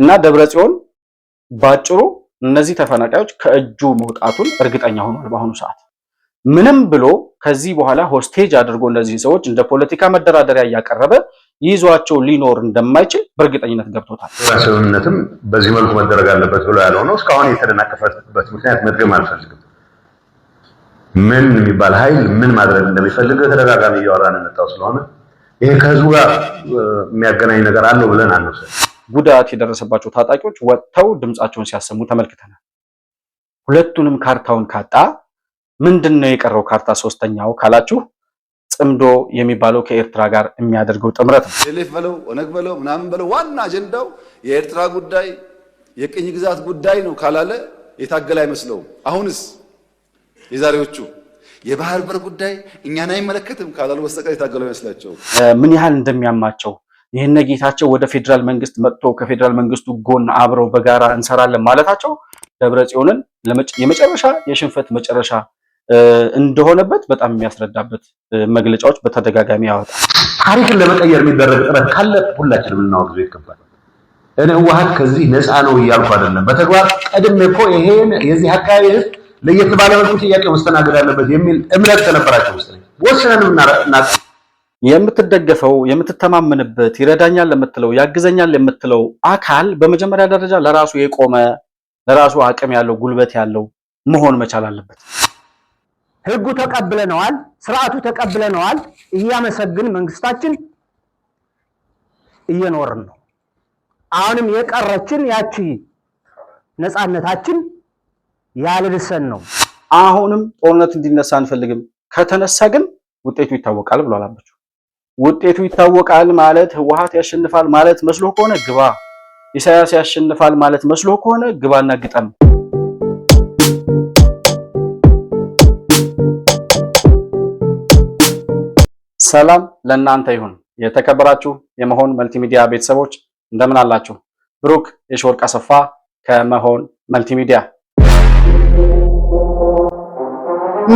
እና ደብረ ጽዮን ባጭሩ እነዚህ ተፈናቃዮች ከእጁ መውጣቱን እርግጠኛ ሆኗል። በአሁኑ ሰዓት ምንም ብሎ ከዚህ በኋላ ሆስቴጅ አድርጎ እነዚህን ሰዎች እንደ ፖለቲካ መደራደሪያ እያቀረበ ይዟቸው ሊኖር እንደማይችል በእርግጠኝነት ገብቶታል። ስምምነትም በዚህ መልኩ መደረግ አለበት ብሎ ያለው ነው። እስካሁን የተደናቀፈበት ምክንያት መድገም አልፈልግም። ምን የሚባል ኃይል ምን ማድረግ እንደሚፈልግ ተደጋጋሚ እያወራን የመጣው ስለሆነ ይሄ ከህዝቡ ጋር የሚያገናኝ ነገር አለው ብለን አንወስድ። ጉዳት የደረሰባቸው ታጣቂዎች ወጥተው ድምጻቸውን ሲያሰሙ ተመልክተናል። ሁለቱንም ካርታውን ካጣ ምንድን ነው የቀረው ካርታ? ሶስተኛው ካላችሁ ጽምዶ የሚባለው ከኤርትራ ጋር የሚያደርገው ጥምረት ነው። ሌሌፍ በለው ኦነግ በለው ምናምን በለው ዋና አጀንዳው የኤርትራ ጉዳይ የቅኝ ግዛት ጉዳይ ነው ካላለ የታገለ አይመስለውም። አሁንስ የዛሬዎቹ የባህር በር ጉዳይ እኛን አይመለከትም ካላሉ በስተቀር የታገለ አይመስላቸውም። ምን ያህል እንደሚያማቸው ይህነ ጌታቸው ወደ ፌዴራል መንግስት መጥቶ ከፌዴራል መንግስቱ ጎን አብረው በጋራ እንሰራለን ማለታቸው ደብረ ጽዮንን የመጨረሻ የሽንፈት መጨረሻ እንደሆነበት በጣም የሚያስረዳበት መግለጫዎች በተደጋጋሚ ያወጣል። ታሪክን ለመቀየር የሚደረግ ጥረት ካለ ሁላችንም ልናወግዙ ይገባል። እኔ ህወሓት ከዚህ ነፃ ነው እያልኩ አይደለም። በተግባር ቀድሜ እኮ ይሄን የዚህ አካባቢ ህዝብ ለየት ባለመልኩ ጥያቄ መስተናገድ አለበት የሚል እምነት ከነበራቸው ውስጥ ወስነን የምትደገፈው የምትተማመንበት ይረዳኛል ለምትለው ያግዘኛል ለምትለው አካል በመጀመሪያ ደረጃ ለራሱ የቆመ ለራሱ አቅም ያለው ጉልበት ያለው መሆን መቻል አለበት። ህጉ ተቀብለነዋል፣ ስርዓቱ ተቀብለነዋል። እያመሰግን መንግስታችን እየኖርን ነው። አሁንም የቀረችን ያቺ ነፃነታችን ያልልሰን ነው። አሁንም ጦርነት እንዲነሳ አንፈልግም። ከተነሳ ግን ውጤቱ ይታወቃል ብሎ አባቸው። ውጤቱ ይታወቃል ማለት ህወሓት ያሸንፋል ማለት መስሎ ከሆነ ግባ፣ ኢሳያስ ያሸንፋል ማለት መስሎ ከሆነ ግባና ግጠም። ሰላም ለእናንተ ይሁን። የተከበራችሁ የመሆን መልቲሚዲያ ቤተሰቦች እንደምን አላችሁ? ብሩክ የሽወርቅ አሰፋ ከመሆን መልቲሚዲያ።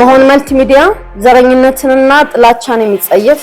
መሆን መልቲሚዲያ ዘረኝነትንና ጥላቻን የሚጸየፍ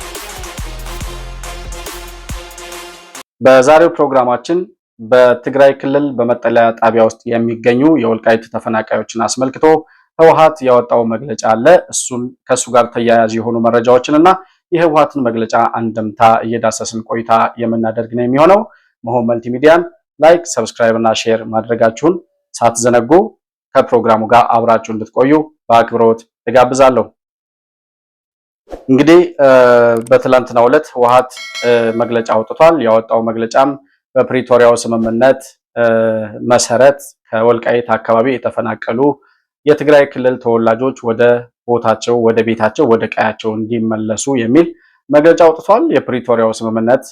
በዛሬው ፕሮግራማችን በትግራይ ክልል በመጠለያ ጣቢያ ውስጥ የሚገኙ የወልቃይት ተፈናቃዮችን አስመልክቶ ህወሓት ያወጣው መግለጫ አለ። እሱን ከእሱ ጋር ተያያዥ የሆኑ መረጃዎችን እና የህወሓትን መግለጫ አንድምታ እየዳሰስን ቆይታ የምናደርግ ነው የሚሆነው። መሆን መልቲሚዲያን ሚዲያን ላይክ፣ ሰብስክራይብ እና ሼር ማድረጋችሁን ሳትዘነጉ ከፕሮግራሙ ጋር አብራችሁ እንድትቆዩ በአክብሮት እጋብዛለሁ። እንግዲህ በትላንትናው ዕለት ህወሓት መግለጫ አውጥቷል። ያወጣው መግለጫም በፕሪቶሪያው ስምምነት መሰረት ከወልቃይት አካባቢ የተፈናቀሉ የትግራይ ክልል ተወላጆች ወደ ቦታቸው፣ ወደ ቤታቸው፣ ወደ ቀያቸው እንዲመለሱ የሚል መግለጫ አውጥቷል። የፕሪቶሪያው ስምምነት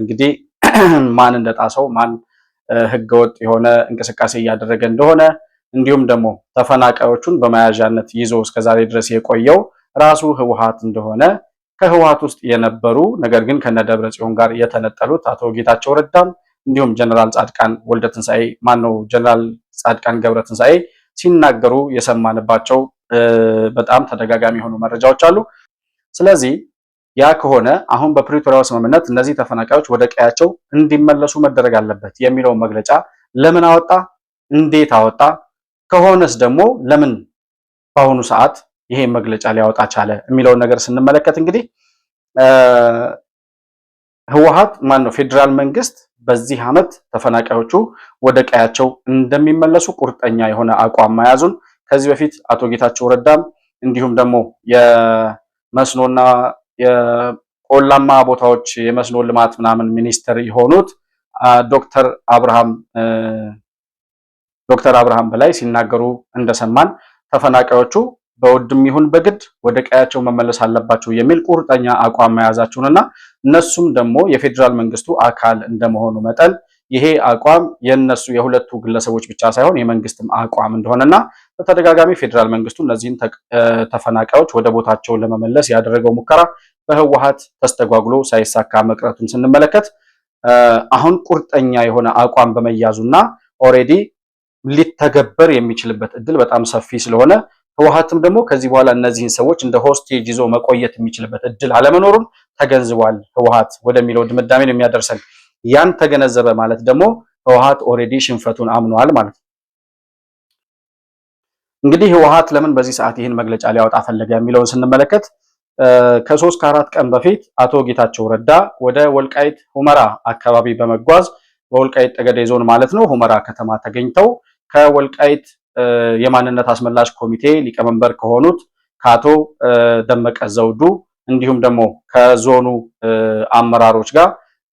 እንግዲህ ማን እንደጣሰው ማን ህገወጥ የሆነ እንቅስቃሴ እያደረገ እንደሆነ እንዲሁም ደግሞ ተፈናቃዮቹን በመያዣነት ይዞ እስከዛሬ ድረስ የቆየው ራሱ ህወሓት እንደሆነ ከህወሓት ውስጥ የነበሩ ነገር ግን ከነደብረ ጽዮን ጋር የተነጠሉት አቶ ጌታቸው ረዳም እንዲሁም ጀነራል ጻድቃን ወልደ ትንሳኤ ማነው ጀነራል ጻድቃን ገብረ ትንሳኤ ሲናገሩ የሰማንባቸው በጣም ተደጋጋሚ የሆኑ መረጃዎች አሉ። ስለዚህ ያ ከሆነ አሁን በፕሪቶሪያው ስምምነት እነዚህ ተፈናቃዮች ወደ ቀያቸው እንዲመለሱ መደረግ አለበት የሚለውን መግለጫ ለምን አወጣ? እንዴት አወጣ? ከሆነስ ደግሞ ለምን በአሁኑ ሰዓት ይሄ መግለጫ ሊያወጣ ቻለ የሚለውን ነገር ስንመለከት እንግዲህ ህወሀት ማን ነው ፌዴራል መንግስት በዚህ ዓመት ተፈናቃዮቹ ወደ ቀያቸው እንደሚመለሱ ቁርጠኛ የሆነ አቋም መያዙን ከዚህ በፊት አቶ ጌታቸው ረዳም እንዲሁም ደግሞ የመስኖና የቆላማ ቦታዎች የመስኖ ልማት ምናምን ሚኒስትር የሆኑት ዶክተር አብርሃም ዶክተር አብርሃም በላይ ሲናገሩ እንደሰማን ተፈናቃዮቹ በውድም ይሁን በግድ ወደ ቀያቸው መመለስ አለባቸው የሚል ቁርጠኛ አቋም መያዛቸውንና እነሱም ደግሞ የፌዴራል መንግስቱ አካል እንደመሆኑ መጠን ይሄ አቋም የነሱ የሁለቱ ግለሰቦች ብቻ ሳይሆን የመንግስትም አቋም እንደሆነና በተደጋጋሚ ፌዴራል መንግስቱ እነዚህን ተፈናቃዮች ወደ ቦታቸው ለመመለስ ያደረገው ሙከራ በህወሓት ተስተጓጉሎ ሳይሳካ መቅረቱን ስንመለከት አሁን ቁርጠኛ የሆነ አቋም በመያዙና ኦሬዲ ሊተገበር የሚችልበት እድል በጣም ሰፊ ስለሆነ ህወሓትም ደግሞ ከዚህ በኋላ እነዚህን ሰዎች እንደ ሆስቴጅ ይዞ መቆየት የሚችልበት እድል አለመኖሩን ተገንዝቧል ህወሓት ወደሚለው ድምዳሜ ነው የሚያደርሰን። ያን ተገነዘበ ማለት ደግሞ ህወሓት ኦልሬዲ ሽንፈቱን አምኗል ማለት ነው። እንግዲህ ህወሓት ለምን በዚህ ሰዓት ይህን መግለጫ ሊያወጣ ፈለገ የሚለውን ስንመለከት ከሶስት ከአራት ቀን በፊት አቶ ጌታቸው ረዳ ወደ ወልቃይት ሁመራ አካባቢ በመጓዝ በወልቃይት ጠገዴ ዞን ማለት ነው ሁመራ ከተማ ተገኝተው ከወልቃይት የማንነት አስመላሽ ኮሚቴ ሊቀመንበር ከሆኑት ከአቶ ደመቀ ዘውዱ እንዲሁም ደግሞ ከዞኑ አመራሮች ጋር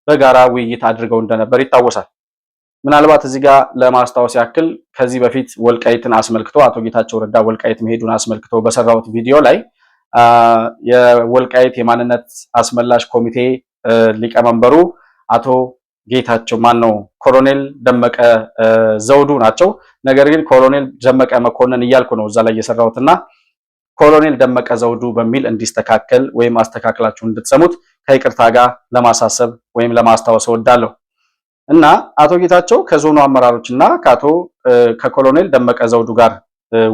በጋራ ውይይት አድርገው እንደነበር ይታወሳል። ምናልባት እዚህ ጋር ለማስታወስ ያክል ከዚህ በፊት ወልቃይትን አስመልክቶ አቶ ጌታቸው ረዳ ወልቃይት መሄዱን አስመልክቶ በሰራሁት ቪዲዮ ላይ የወልቃይት የማንነት አስመላሽ ኮሚቴ ሊቀመንበሩ አቶ ጌታቸው ማን ነው ኮሎኔል ደመቀ ዘውዱ ናቸው። ነገር ግን ኮሎኔል ደመቀ መኮንን እያልኩ ነው እዛ ላይ የሰራሁትና ኮሎኔል ደመቀ ዘውዱ በሚል እንዲስተካከል ወይም አስተካክላችሁ እንድትሰሙት ከይቅርታ ጋር ለማሳሰብ ወይም ለማስታወስ እወዳለሁ። እና አቶ ጌታቸው ከዞኑ አመራሮች እና ከአቶ ከኮሎኔል ደመቀ ዘውዱ ጋር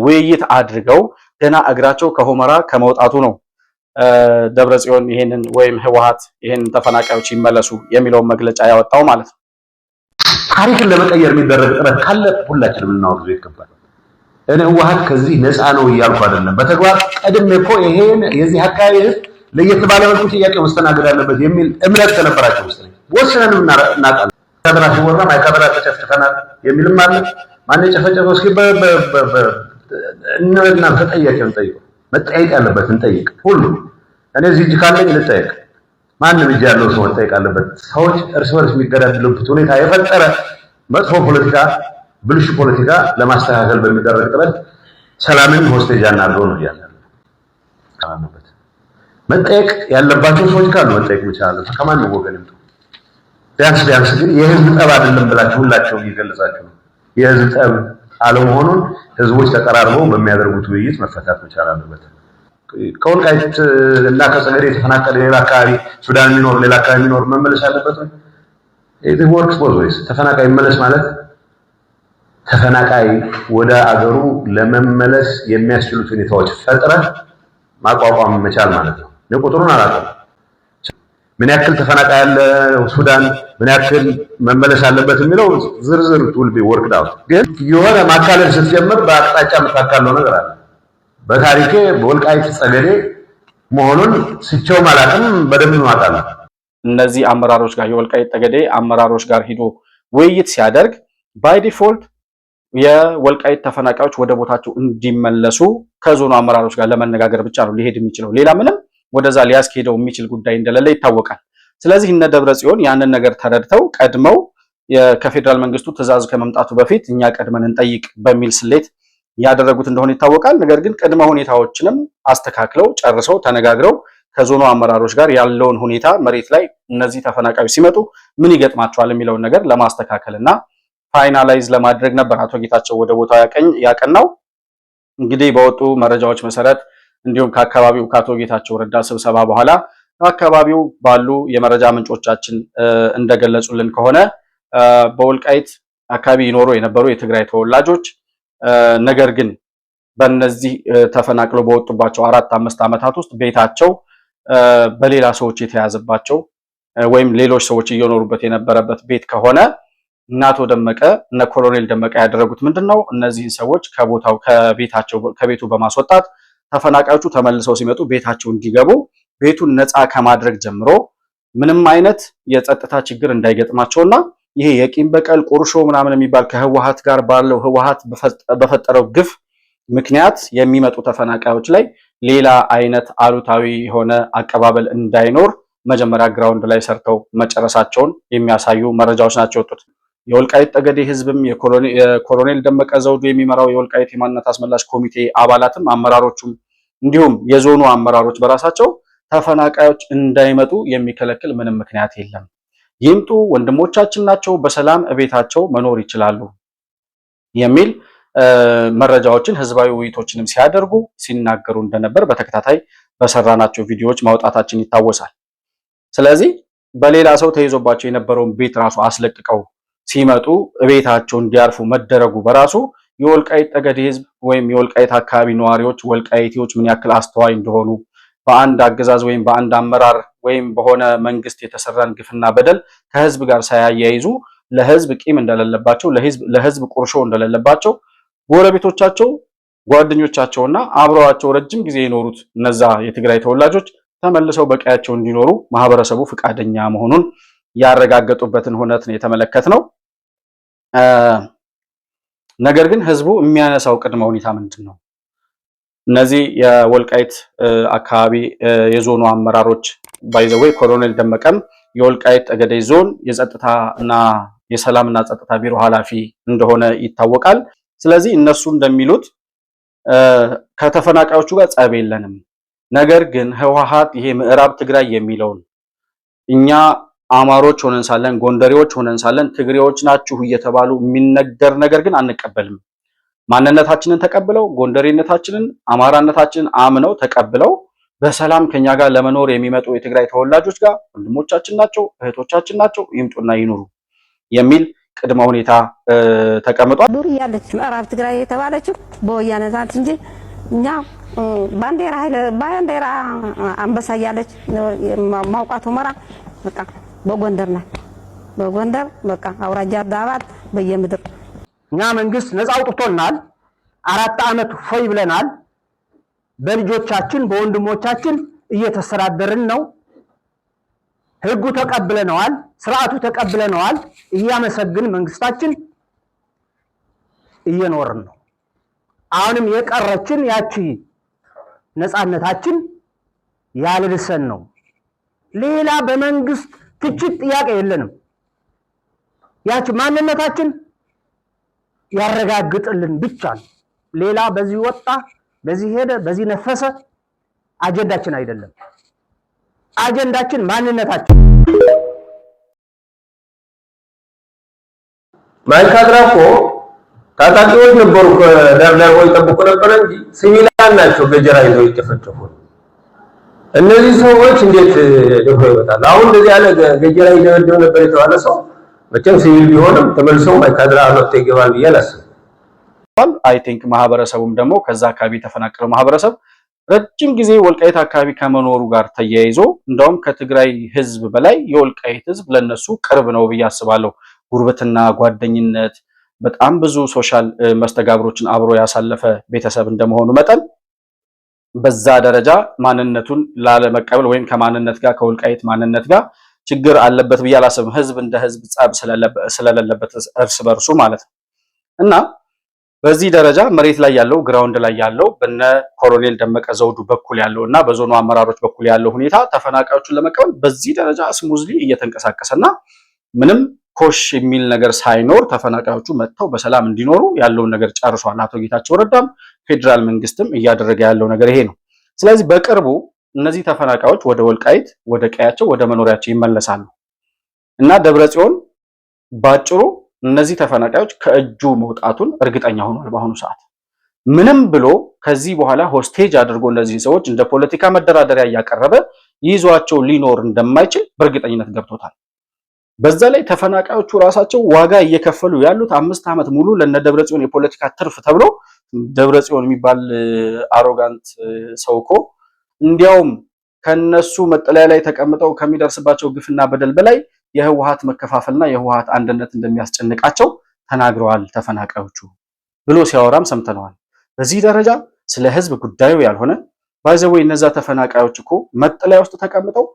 ውይይት አድርገው ገና እግራቸው ከሆመራ ከመውጣቱ ነው ደብረ ጽዮን ይሄንን ወይም ህወሓት ይሄንን ተፈናቃዮች ይመለሱ የሚለውን መግለጫ ያወጣው ማለት ነው። ታሪክን ለመቀየር የሚደረግ ጥረት ካለ ሁላችንም ልናወግዘው ይገባል። እኔ ህወሓት ከዚህ ነፃ ነው እያልኩ አይደለም። በተግባር ቀድሜ እኮ ይሄን የዚህ አካባቢ ህዝብ ለየት ባለመልኩ ጥያቄ መስተናገድ አለበት የሚል እምነት ከነበራቸው ስ ወስነንም እናውቃለን። ከበራ ሲወራ ማይካድራ ተጨፍጭፈናል የሚልም አለ። ማን የጨፈጨፈው እስኪ እናንተ ጠያቄውን መጠየቅ ያለበት እንጠይቅ። ሁሉ እኔ እዚህ እጅ ካለኝ ልጠየቅ፣ ማንም እጅ ያለው ሰው መጠየቅ አለበት። ሰዎች እርስ በርስ የሚገዳደሉበት ሁኔታ የፈጠረ መጥፎ ፖለቲካ፣ ብልሹ ፖለቲካ ለማስተካከል በሚደረግ ጥረት ሰላምን ሆስቴጃ አናድርገው ነው እያለ መጠየቅ ያለባቸው ሰዎች ካሉ መጠየቅ ይችላል። ከማንም ወገን ቢያንስ ቢያንስ ግን የህዝብ ጠብ አይደለም ብላችሁ ሁላቸው እየገለጻችሁ ነው የህዝብ ጠብ አለመሆኑን ህዝቦች ተቀራርበው በሚያደርጉት ውይይት መፈታት መቻል አለበት። ከወልቃይት እና ከፀገዴ የተፈናቀለ ሌላ አካባቢ ሱዳን የሚኖር ሌላ አካባቢ የሚኖር መመለስ አለበት ወይ? ኢት ወርክስ ወይስ ተፈናቃይ መመለስ ማለት ተፈናቃይ ወደ አገሩ ለመመለስ የሚያስችሉት ሁኔታዎች ፈጥረ ማቋቋም መቻል ማለት ነው። ቁጥሩን አላውቅም። ምን ያክል ተፈናቃይ ያለ ሱዳን ምን ያክል መመለስ አለበት የሚለው ዝርዝር ቱል ቢ ወርክ ዳውን። ግን የሆነ ማካለል ስትጀምር በአቅጣጫ የምታካለው ነገር አለ። በታሪኬ በወልቃይት ጸገዴ መሆኑን ስቸው ማላቅም በደንብ ማጣለ እነዚህ አመራሮች ጋር የወልቃይት ጠገዴ አመራሮች ጋር ሂዶ ውይይት ሲያደርግ ባይ ዲፎልት የወልቃይት ተፈናቃዮች ወደ ቦታቸው እንዲመለሱ ከዞኑ አመራሮች ጋር ለመነጋገር ብቻ ነው ሊሄድ የሚችለው ሌላ ምንም ወደዛ ሊያስኬደው የሚችል ጉዳይ እንደሌለ ይታወቃል። ስለዚህ እነ ደብረ ጽዮን ያንን ነገር ተረድተው ቀድመው ከፌዴራል መንግስቱ ትዕዛዝ ከመምጣቱ በፊት እኛ ቀድመን እንጠይቅ በሚል ስሌት ያደረጉት እንደሆነ ይታወቃል። ነገር ግን ቅድመ ሁኔታዎችንም አስተካክለው ጨርሰው ተነጋግረው ከዞኑ አመራሮች ጋር ያለውን ሁኔታ መሬት ላይ እነዚህ ተፈናቃዮች ሲመጡ ምን ይገጥማቸዋል የሚለውን ነገር ለማስተካከል እና ፋይናላይዝ ለማድረግ ነበር አቶ ጌታቸው ወደ ቦታው ያቀናው። እንግዲህ በወጡ መረጃዎች መሰረት እንዲሁም ከአካባቢው ከአቶ ጌታቸው ረዳ ስብሰባ በኋላ ከአካባቢው ባሉ የመረጃ ምንጮቻችን እንደገለጹልን ከሆነ በወልቃይት አካባቢ ይኖሩ የነበሩ የትግራይ ተወላጆች ነገር ግን በእነዚህ ተፈናቅለው በወጡባቸው አራት አምስት ዓመታት ውስጥ ቤታቸው በሌላ ሰዎች የተያዘባቸው ወይም ሌሎች ሰዎች እየኖሩበት የነበረበት ቤት ከሆነ እነ አቶ ደመቀ እነ ኮሎኔል ደመቀ ያደረጉት ምንድን ነው? እነዚህን ሰዎች ከቦታው ከቤታቸው ከቤቱ በማስወጣት ተፈናቃዮቹ ተመልሰው ሲመጡ ቤታቸው እንዲገቡ ቤቱን ነፃ ከማድረግ ጀምሮ ምንም አይነት የጸጥታ ችግር እንዳይገጥማቸውና ይሄ የቂም በቀል ቁርሾ ምናምን የሚባል ከህወሀት ጋር ባለው ህወሀት በፈጠረው ግፍ ምክንያት የሚመጡ ተፈናቃዮች ላይ ሌላ አይነት አሉታዊ የሆነ አቀባበል እንዳይኖር መጀመሪያ ግራውንድ ላይ ሰርተው መጨረሳቸውን የሚያሳዩ መረጃዎች ናቸው የወጡት። የወልቃይት ጠገዴ ህዝብም የኮሎኔል ደመቀ ዘውዱ የሚመራው የወልቃይት የማንነት አስመላሽ ኮሚቴ አባላትም አመራሮቹም እንዲሁም የዞኑ አመራሮች በራሳቸው ተፈናቃዮች እንዳይመጡ የሚከለክል ምንም ምክንያት የለም። ይምጡ፣ ወንድሞቻችን ናቸው፣ በሰላም እቤታቸው መኖር ይችላሉ የሚል መረጃዎችን ህዝባዊ ውይይቶችንም ሲያደርጉ ሲናገሩ እንደነበር በተከታታይ በሰራናቸው ቪዲዮዎች ማውጣታችን ይታወሳል። ስለዚህ በሌላ ሰው ተይዞባቸው የነበረውን ቤት ራሱ አስለቅቀው ሲመጡ እቤታቸው እንዲያርፉ መደረጉ በራሱ የወልቃይት ጠገዴ ህዝብ ወይም የወልቃይት አካባቢ ነዋሪዎች ወልቃይቴዎች ምን ያክል አስተዋይ እንደሆኑ በአንድ አገዛዝ ወይም በአንድ አመራር ወይም በሆነ መንግስት የተሰራን ግፍና በደል ከህዝብ ጋር ሳያያይዙ ለህዝብ ቂም እንደሌለባቸው፣ ለህዝብ ቁርሾ እንደሌለባቸው ጎረቤቶቻቸው፣ ጓደኞቻቸውና አብረዋቸው ረጅም ጊዜ የኖሩት እነዛ የትግራይ ተወላጆች ተመልሰው በቀያቸው እንዲኖሩ ማህበረሰቡ ፈቃደኛ መሆኑን ያረጋገጡበትን ሁነት ነው የተመለከት ነው። ነገር ግን ህዝቡ የሚያነሳው ቅድመ ሁኔታ ምንድን ነው? እነዚህ የወልቃይት አካባቢ የዞኑ አመራሮች ባይዘወይ ኮሎኔል ደመቀም የወልቃይት ጠገዴ ዞን የጸጥታ እና የሰላምና ጸጥታ ቢሮ ኃላፊ እንደሆነ ይታወቃል። ስለዚህ እነሱ እንደሚሉት ከተፈናቃዮቹ ጋር ጸብ የለንም። ነገር ግን ህወሓት ይሄ ምዕራብ ትግራይ የሚለውን እኛ አማሮች ሆነን ሳለን ጎንደሬዎች ሆነን ሳለን ትግሬዎች ናችሁ እየተባሉ የሚነገር ነገር ግን አንቀበልም። ማንነታችንን ተቀብለው ጎንደሬነታችንን፣ አማራነታችንን አምነው ተቀብለው በሰላም ከኛ ጋር ለመኖር የሚመጡ የትግራይ ተወላጆች ጋር ወንድሞቻችን ናቸው፣ እህቶቻችን ናቸው፣ ይምጡና ይኑሩ የሚል ቅድመ ሁኔታ ተቀምጧል። ዱር እያለች ምዕራብ ትግራይ የተባለችው በወያነታት እንጂ እኛ ባንዴራ አንበሳ እያለች ማውቃት ሁመራ በቃ በጎንደር ናት። በጎንደር በቃ አውራጃ አዳባት በየምድር እኛ መንግስት ነፃ አውጥቶናል። አራት ዓመት ፎይ ብለናል። በልጆቻችን በወንድሞቻችን እየተስተዳደርን ነው። ህጉ ተቀብለነዋል፣ ስርዓቱ ተቀብለነዋል። እያመሰግን መንግስታችን እየኖርን ነው። አሁንም የቀረችን ያቺ ነፃነታችን ያልልሰን ነው። ሌላ በመንግስት ትችት፣ ጥያቄ የለንም። ያች ማንነታችን ያረጋግጥልን ብቻ ነው። ሌላ በዚህ ወጣ፣ በዚህ ሄደ፣ በዚህ ነፈሰ አጀንዳችን አይደለም። አጀንዳችን ማንነታችን። ማይካድራ ታጣቂዎች ነበሩ፣ ዳር ዳር ይጠብቁ ነበረ እንጂ ሲቪላን ናቸው በጀራ ይዘው የተፈተፉት። እነዚህ ሰዎች እንዴት ደግሞ ይወጣል? አሁን እንደዚህ ያለ ገጀራ ይደበድብ ነበር የተባለ ሰው መቼም ሲቪል ቢሆንም ተመልሶ ማይካድራ ወጥቶ ይገባል ብዬ አላስብም። አይ ቲንክ ማህበረሰቡም ደግሞ ከዛ አካባቢ የተፈናቀለው ማህበረሰብ ረጅም ጊዜ ወልቃይት አካባቢ ከመኖሩ ጋር ተያይዞ እንደውም ከትግራይ ህዝብ በላይ የወልቃይት ህዝብ ለነሱ ቅርብ ነው ብዬ አስባለሁ። ጉርብትና፣ ጓደኝነት በጣም ብዙ ሶሻል መስተጋብሮችን አብሮ ያሳለፈ ቤተሰብ እንደመሆኑ መጠን በዛ ደረጃ ማንነቱን ላለመቀበል ወይም ከማንነት ጋር ከወልቃይት ማንነት ጋር ችግር አለበት ብዬ አላስብም። ህዝብ እንደ ህዝብ ጸብ ስለሌለበት እርስ በርሱ ማለት ነው እና በዚህ ደረጃ መሬት ላይ ያለው ግራውንድ ላይ ያለው በነ ኮሎኔል ደመቀ ዘውዱ በኩል ያለው እና በዞኑ አመራሮች በኩል ያለው ሁኔታ ተፈናቃዮቹን ለመቀበል በዚህ ደረጃ ስሙዝሊ እየተንቀሳቀሰና ምንም ኮሽ የሚል ነገር ሳይኖር ተፈናቃዮቹ መጥተው በሰላም እንዲኖሩ ያለውን ነገር ጨርሷል። አቶ ጌታቸው ረዳም ፌዴራል መንግስትም እያደረገ ያለው ነገር ይሄ ነው። ስለዚህ በቅርቡ እነዚህ ተፈናቃዮች ወደ ወልቃይት፣ ወደ ቀያቸው፣ ወደ መኖሪያቸው ይመለሳሉ እና ደብረ ጽዮን ባጭሩ እነዚህ ተፈናቃዮች ከእጁ መውጣቱን እርግጠኛ ሆኗል። በአሁኑ ሰዓት ምንም ብሎ ከዚህ በኋላ ሆስቴጅ አድርጎ እነዚህ ሰዎች እንደ ፖለቲካ መደራደሪያ እያቀረበ ይዟቸው ሊኖር እንደማይችል በእርግጠኝነት ገብቶታል። በዛ ላይ ተፈናቃዮቹ ራሳቸው ዋጋ እየከፈሉ ያሉት አምስት ዓመት ሙሉ ለነደብረ ጽዮን የፖለቲካ ትርፍ ተብሎ ደብረ ጽዮን የሚባል አሮጋንት ሰው እኮ እንዲያውም ከነሱ መጠለያ ላይ ተቀምጠው ከሚደርስባቸው ግፍና በደል በላይ የህወሀት መከፋፈልና የህወሀት አንድነት እንደሚያስጨንቃቸው ተናግረዋል ተፈናቃዮቹ ብሎ ሲያወራም ሰምተነዋል። በዚህ ደረጃ ስለ ህዝብ ጉዳዩ ያልሆነ ባይዘወይ እነዛ ተፈናቃዮች እኮ መጠለያ ውስጥ ተቀምጠው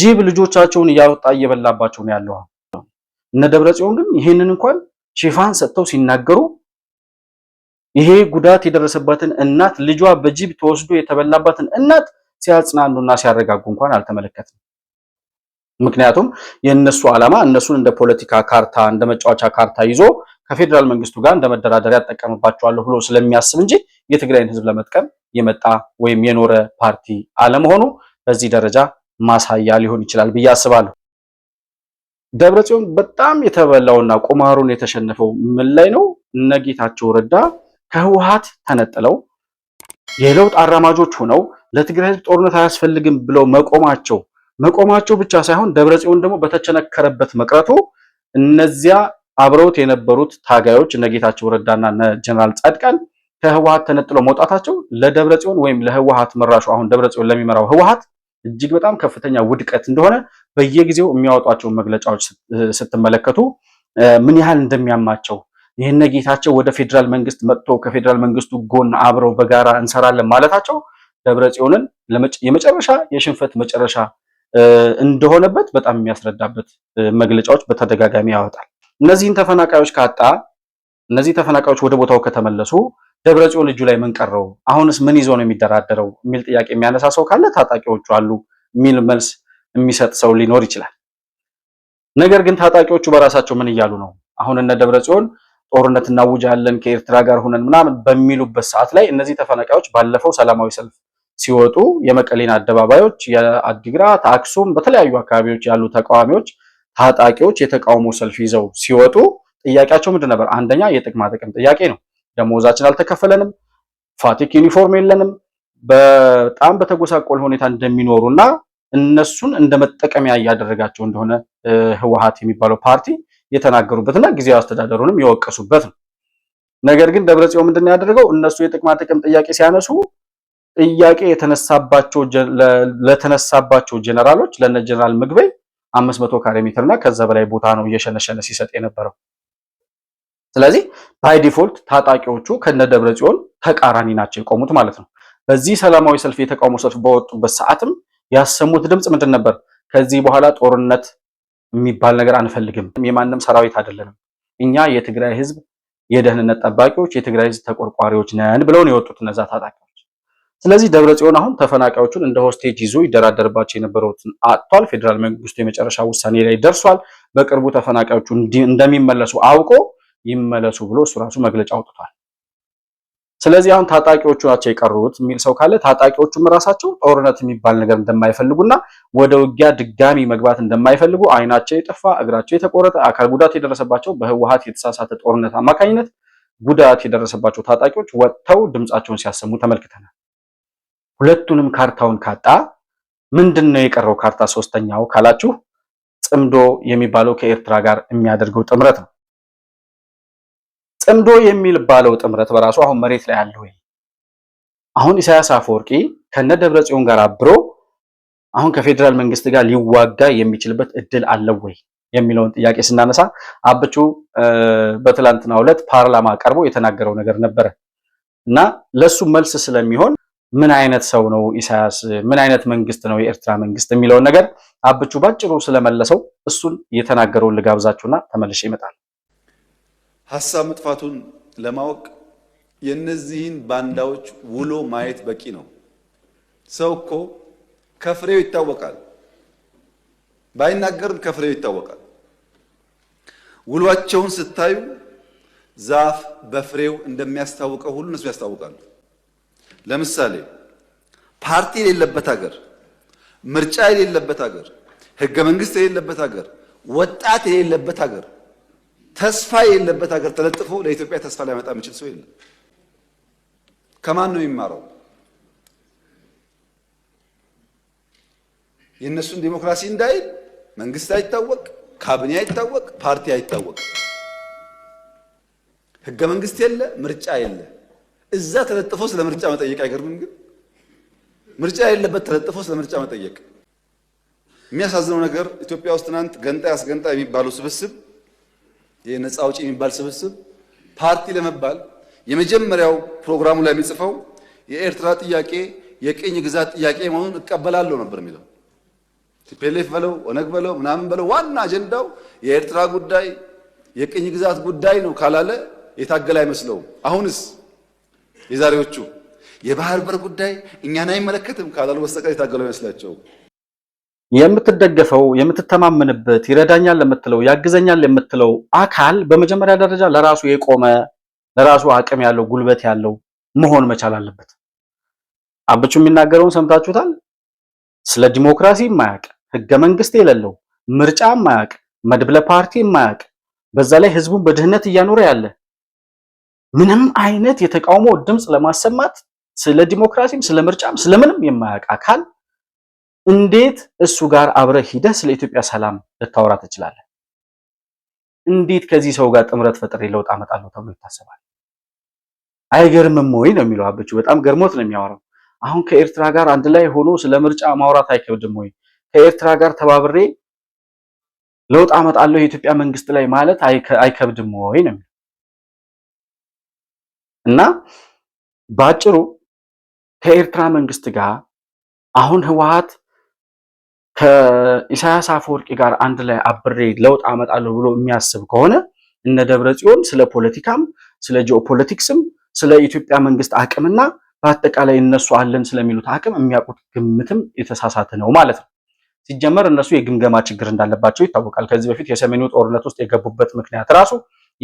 ጅብ ልጆቻቸውን እያወጣ እየበላባቸው ነው ያለው። እነ ደብረጽዮን ግን ይህንን እንኳን ሽፋን ሰጥተው ሲናገሩ ይሄ ጉዳት የደረሰባትን እናት ልጇ በጅብ ተወስዶ የተበላባትን እናት ሲያጽናኑና ሲያረጋጉ እንኳን አልተመለከትም። ምክንያቱም የእነሱ ዓላማ እነሱን እንደ ፖለቲካ ካርታ እንደ መጫወቻ ካርታ ይዞ ከፌዴራል መንግስቱ ጋር እንደ መደራደሪያ ያጠቀምባቸዋለሁ ብሎ ስለሚያስብ እንጂ የትግራይን ህዝብ ለመጥቀም የመጣ ወይም የኖረ ፓርቲ አለመሆኑ በዚህ ደረጃ ማሳያ ሊሆን ይችላል ብዬ አስባለሁ። ደብረጽዮን በጣም የተበላውና ቁማሩን የተሸነፈው ምን ላይ ነው? እነ ጌታቸው ረዳ ከህወሓት ተነጥለው የለውጥ አራማጆች ሆነው ለትግራይ ህዝብ ጦርነት አያስፈልግም ብለው መቆማቸው መቆማቸው ብቻ ሳይሆን ደብረጽዮን ደግሞ በተቸነከረበት መቅረቱ እነዚያ አብረውት የነበሩት ታጋዮች እነ ጌታቸው ረዳና እነ ጀነራል ጻድቃን ከህወሓት ተነጥለው መውጣታቸው ለደብረጽዮን ወይም ለህወሓት መራሹ አሁን ደብረጽዮን ለሚመራው ህወሓት እጅግ በጣም ከፍተኛ ውድቀት እንደሆነ በየጊዜው የሚያወጧቸውን መግለጫዎች ስትመለከቱ ምን ያህል እንደሚያማቸው ይህነ ጌታቸው ወደ ፌዴራል መንግስት መጥቶ ከፌዴራል መንግስቱ ጎን አብረው በጋራ እንሰራለን ማለታቸው ደብረ ጽዮንን የመጨረሻ የሽንፈት መጨረሻ እንደሆነበት በጣም የሚያስረዳበት መግለጫዎች በተደጋጋሚ ያወጣል። እነዚህን ተፈናቃዮች ካጣ እነዚህ ተፈናቃዮች ወደ ቦታው ከተመለሱ ደብረጽዮን እጁ ላይ ምን ቀረው? አሁንስ ምን ይዞ ነው የሚደራደረው የሚል ጥያቄ የሚያነሳ ሰው ካለ ታጣቂዎቹ አሉ የሚል መልስ የሚሰጥ ሰው ሊኖር ይችላል። ነገር ግን ታጣቂዎቹ በራሳቸው ምን እያሉ ነው? አሁን እነ ደብረጽዮን ጦርነት እናውጃለን ከኤርትራ ጋር ሁነን ምናምን በሚሉበት ሰዓት ላይ እነዚህ ተፈናቃዮች ባለፈው ሰላማዊ ሰልፍ ሲወጡ የመቀሌን አደባባዮች፣ የአዲግራት፣ አክሱም በተለያዩ አካባቢዎች ያሉ ተቃዋሚዎች ታጣቂዎች የተቃውሞ ሰልፍ ይዘው ሲወጡ ጥያቄያቸው ምንድን ነበር? አንደኛ የጥቅማ ጥቅም ጥያቄ ነው። ደሞዛችን አልተከፈለንም፣ ፋቲክ ዩኒፎርም የለንም፣ በጣም በተጎሳቆለ ሁኔታ እንደሚኖሩና እነሱን እንደ መጠቀሚያ እያደረጋቸው እንደሆነ ህወሓት የሚባለው ፓርቲ የተናገሩበትና ጊዜያዊ አስተዳደሩንም የወቀሱበት ነው። ነገር ግን ደብረጽዮን ምንድን ነው ያደረገው? እነሱ የጥቅማ ጥቅም ጥያቄ ሲያነሱ ጥያቄ የተነሳባቸው ለተነሳባቸው ጀነራሎች ለነ ጀነራል ምግበይ መቶ ካሬ ሜትርና ከዛ በላይ ቦታ ነው እየሸነሸነ ሲሰጥ የነበረው። ስለዚህ ባይ ዲፎልት ታጣቂዎቹ ከነ ደብረ ጽዮን ተቃራኒ ናቸው የቆሙት ማለት ነው። በዚህ ሰላማዊ ሰልፍ የተቃውሞ ሰልፍ በወጡበት ሰዓትም ያሰሙት ድምፅ ምንድን ነበር? ከዚህ በኋላ ጦርነት የሚባል ነገር አንፈልግም፣ የማንም ሰራዊት አይደለንም፣ እኛ የትግራይ ህዝብ የደህንነት ጠባቂዎች፣ የትግራይ ህዝብ ተቆርቋሪዎች ነን ብለው ነው የወጡት እነዛ ታጣቂዎች። ስለዚህ ደብረ ጽዮን አሁን ተፈናቃዮቹን እንደ ሆስቴጅ ይዞ ይደራደርባቸው የነበረውትን አጥቷል። ፌዴራል መንግስቱ የመጨረሻ ውሳኔ ላይ ደርሷል። በቅርቡ ተፈናቃዮቹ እንደሚመለሱ አውቆ ይመለሱ ብሎ እሱ ራሱ መግለጫ አውጥቷል። ስለዚህ አሁን ታጣቂዎቹ ናቸው የቀሩት የሚል ሰው ካለ ታጣቂዎቹም ራሳቸው ጦርነት የሚባል ነገር እንደማይፈልጉና ወደ ውጊያ ድጋሚ መግባት እንደማይፈልጉ አይናቸው የጠፋ እግራቸው የተቆረጠ አካል ጉዳት የደረሰባቸው በህወሓት የተሳሳተ ጦርነት አማካኝነት ጉዳት የደረሰባቸው ታጣቂዎች ወጥተው ድምፃቸውን ሲያሰሙ ተመልክተናል። ሁለቱንም ካርታውን ካጣ ምንድን ነው የቀረው ካርታ ሶስተኛው ካላችሁ ጽምዶ የሚባለው ከኤርትራ ጋር የሚያደርገው ጥምረት ነው። ጥምዶ የሚል ባለው ጥምረት በራሱ አሁን መሬት ላይ አለ ወይ? አሁን ኢሳያስ አፈወርቂ ከነ ደብረ ጽዮን ጋር አብሮ አሁን ከፌዴራል መንግስት ጋር ሊዋጋ የሚችልበት እድል አለው ወይ የሚለውን ጥያቄ ስናነሳ አብቹ በትላንትናው ዕለት ፓርላማ ቀርቦ የተናገረው ነገር ነበረ እና ለሱ መልስ ስለሚሆን ምን አይነት ሰው ነው ኢሳያስ፣ ምን አይነት መንግስት ነው የኤርትራ መንግስት የሚለውን ነገር አብቹ ባጭሩ ስለመለሰው እሱን የተናገረውን ልጋብዛችሁና ተመልሼ ይመጣል። ሀሳብ መጥፋቱን ለማወቅ የእነዚህን ባንዳዎች ውሎ ማየት በቂ ነው። ሰው እኮ ከፍሬው ይታወቃል፣ ባይናገርም ከፍሬው ይታወቃል። ውሏቸውን ስታዩ ዛፍ በፍሬው እንደሚያስታውቀው ሁሉ እነሱ ያስታውቃሉ። ለምሳሌ ፓርቲ የሌለበት ሀገር፣ ምርጫ የሌለበት ሀገር፣ ህገ መንግስት የሌለበት ሀገር፣ ወጣት የሌለበት ሀገር ተስፋ የለበት ሀገር ተለጥፎ ለኢትዮጵያ ተስፋ ሊያመጣ የሚችል ሰው የለም። ከማን ነው የሚማረው? የእነሱን ዲሞክራሲ እንዳይል መንግስት አይታወቅ፣ ካቢኔ አይታወቅ፣ ፓርቲ አይታወቅ፣ ህገ መንግስት የለ፣ ምርጫ የለ። እዛ ተለጥፎ ስለ ምርጫ መጠየቅ አይገርምም? ግን ምርጫ የለበት ተለጥፎ ስለ ምርጫ መጠየቅ የሚያሳዝነው ነገር ኢትዮጵያ ውስጥ ትናንት ገንጣይ አስገንጣይ የሚባለው ስብስብ የነፃ አውጪ የሚባል ስብስብ ፓርቲ ለመባል የመጀመሪያው ፕሮግራሙ ላይ የሚጽፈው የኤርትራ ጥያቄ የቅኝ ግዛት ጥያቄ መሆኑን እቀበላለሁ ነበር የሚለው። ቲፔሌፍ በለው ኦነግ በለው ምናምን በለው ዋና አጀንዳው የኤርትራ ጉዳይ የቅኝ ግዛት ጉዳይ ነው ካላለ የታገለ አይመስለውም። አሁንስ የዛሬዎቹ የባህር በር ጉዳይ እኛን አይመለከትም ካላሉ በስተቀር የታገለ አይመስላቸውም። የምትደገፈው የምትተማመንበት ይረዳኛል ለምትለው ያግዘኛል የምትለው አካል በመጀመሪያ ደረጃ ለራሱ የቆመ ለራሱ አቅም ያለው ጉልበት ያለው መሆን መቻል አለበት። አብቹ የሚናገረውን ሰምታችሁታል። ስለ ዲሞክራሲ የማያውቅ ህገ መንግስት የሌለው ምርጫ የማያውቅ መድብለ ፓርቲ የማያውቅ በዛ ላይ ህዝቡን በድህነት እያኖረ ያለ ምንም አይነት የተቃውሞ ድምፅ ለማሰማት ስለ ዲሞክራሲም ስለ ምርጫም ስለምንም የማያውቅ አካል እንዴት እሱ ጋር አብረህ ሂደህ ስለ ኢትዮጵያ ሰላም ልታወራ ትችላለህ? እንዴት ከዚህ ሰው ጋር ጥምረት ፈጥሬ ለውጥ አመጣለሁ ተብሎ ይታሰባል? አይገርምም ወይ ነው የሚለው። አበቹ በጣም ገርሞት ነው የሚያወራው። አሁን ከኤርትራ ጋር አንድ ላይ ሆኖ ስለ ምርጫ ማውራት አይከብድም ወይ? ከኤርትራ ጋር ተባብሬ ለውጥ አመጣለሁ የኢትዮጵያ መንግስት ላይ ማለት አይከብድም ወይ ነው እና በአጭሩ ከኤርትራ መንግስት ጋር አሁን ህወሓት ከኢሳያስ አፈወርቂ ጋር አንድ ላይ አብሬ ለውጥ አመጣለሁ ብሎ የሚያስብ ከሆነ እነ ደብረ ጽዮን ስለ ፖለቲካም ስለ ጂኦፖለቲክስም ስለ ኢትዮጵያ መንግስት አቅምና በአጠቃላይ እነሱ አለን ስለሚሉት አቅም የሚያውቁት ግምትም የተሳሳተ ነው ማለት ነው። ሲጀመር እነሱ የግምገማ ችግር እንዳለባቸው ይታወቃል። ከዚህ በፊት የሰሜኑ ጦርነት ውስጥ የገቡበት ምክንያት ራሱ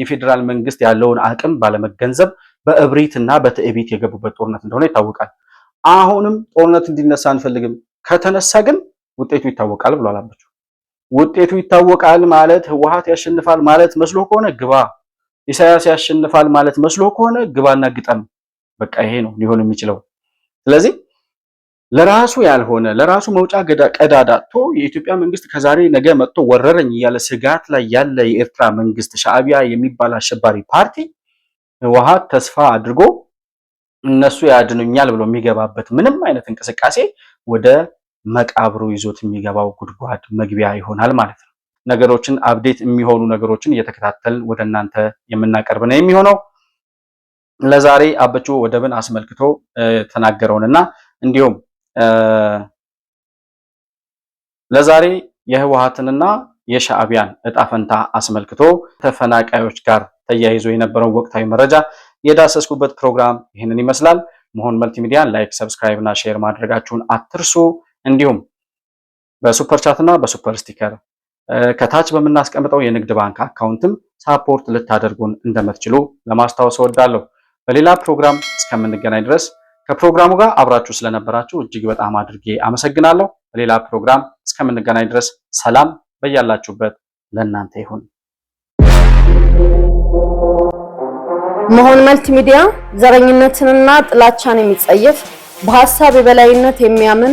የፌዴራል መንግስት ያለውን አቅም ባለመገንዘብ በእብሪት እና በትዕቢት የገቡበት ጦርነት እንደሆነ ይታወቃል። አሁንም ጦርነት እንዲነሳ አንፈልግም። ከተነሳ ግን ውጤቱ ይታወቃል ብሏል አለችው። ውጤቱ ይታወቃል ማለት ህወሓት ያሸንፋል ማለት መስሎ ከሆነ ግባ፣ ኢሳያስ ያሸንፋል ማለት መስሎ ከሆነ ግባና ግጠም። በቃ ይሄ ነው ሊሆን የሚችለው። ስለዚህ ለራሱ ያልሆነ ለራሱ መውጫ ቀዳዳ አጥቶ የኢትዮጵያ መንግስት ከዛሬ ነገ መጥቶ ወረረኝ እያለ ስጋት ላይ ያለ የኤርትራ መንግስት ሻዕቢያ የሚባል አሸባሪ ፓርቲ ህወሓት ተስፋ አድርጎ እነሱ ያድኑኛል ብሎ የሚገባበት ምንም አይነት እንቅስቃሴ ወደ መቃብሩ ይዞት የሚገባው ጉድጓድ መግቢያ ይሆናል ማለት ነው። ነገሮችን አብዴት የሚሆኑ ነገሮችን እየተከታተል ወደ እናንተ የምናቀርብ ነው የሚሆነው። ለዛሬ አበቹ ወደብን አስመልክቶ ተናገረውንና እንዲሁም ለዛሬ የህወሓትንና የሻዕቢያን እጣ ፈንታ አስመልክቶ ተፈናቃዮች ጋር ተያይዞ የነበረው ወቅታዊ መረጃ የዳሰስኩበት ፕሮግራም ይህንን ይመስላል። መሆን መልቲሚዲያን ላይክ፣ ሰብስክራይብ እና ሼር ማድረጋችሁን አትርሱ። እንዲሁም በሱፐር ቻት እና በሱፐር ስቲከር ከታች በምናስቀምጠው የንግድ ባንክ አካውንትም ሳፖርት ልታደርጉን እንደምትችሉ ለማስታወስ እወዳለሁ። በሌላ ፕሮግራም እስከምንገናኝ ድረስ ከፕሮግራሙ ጋር አብራችሁ ስለነበራችሁ እጅግ በጣም አድርጌ አመሰግናለሁ። በሌላ ፕሮግራም እስከምንገናኝ ድረስ ሰላም በያላችሁበት ለእናንተ ይሁን። መሆን መልቲ ሚዲያ ዘረኝነትንና ጥላቻን የሚጸየፍ በሀሳብ የበላይነት የሚያምን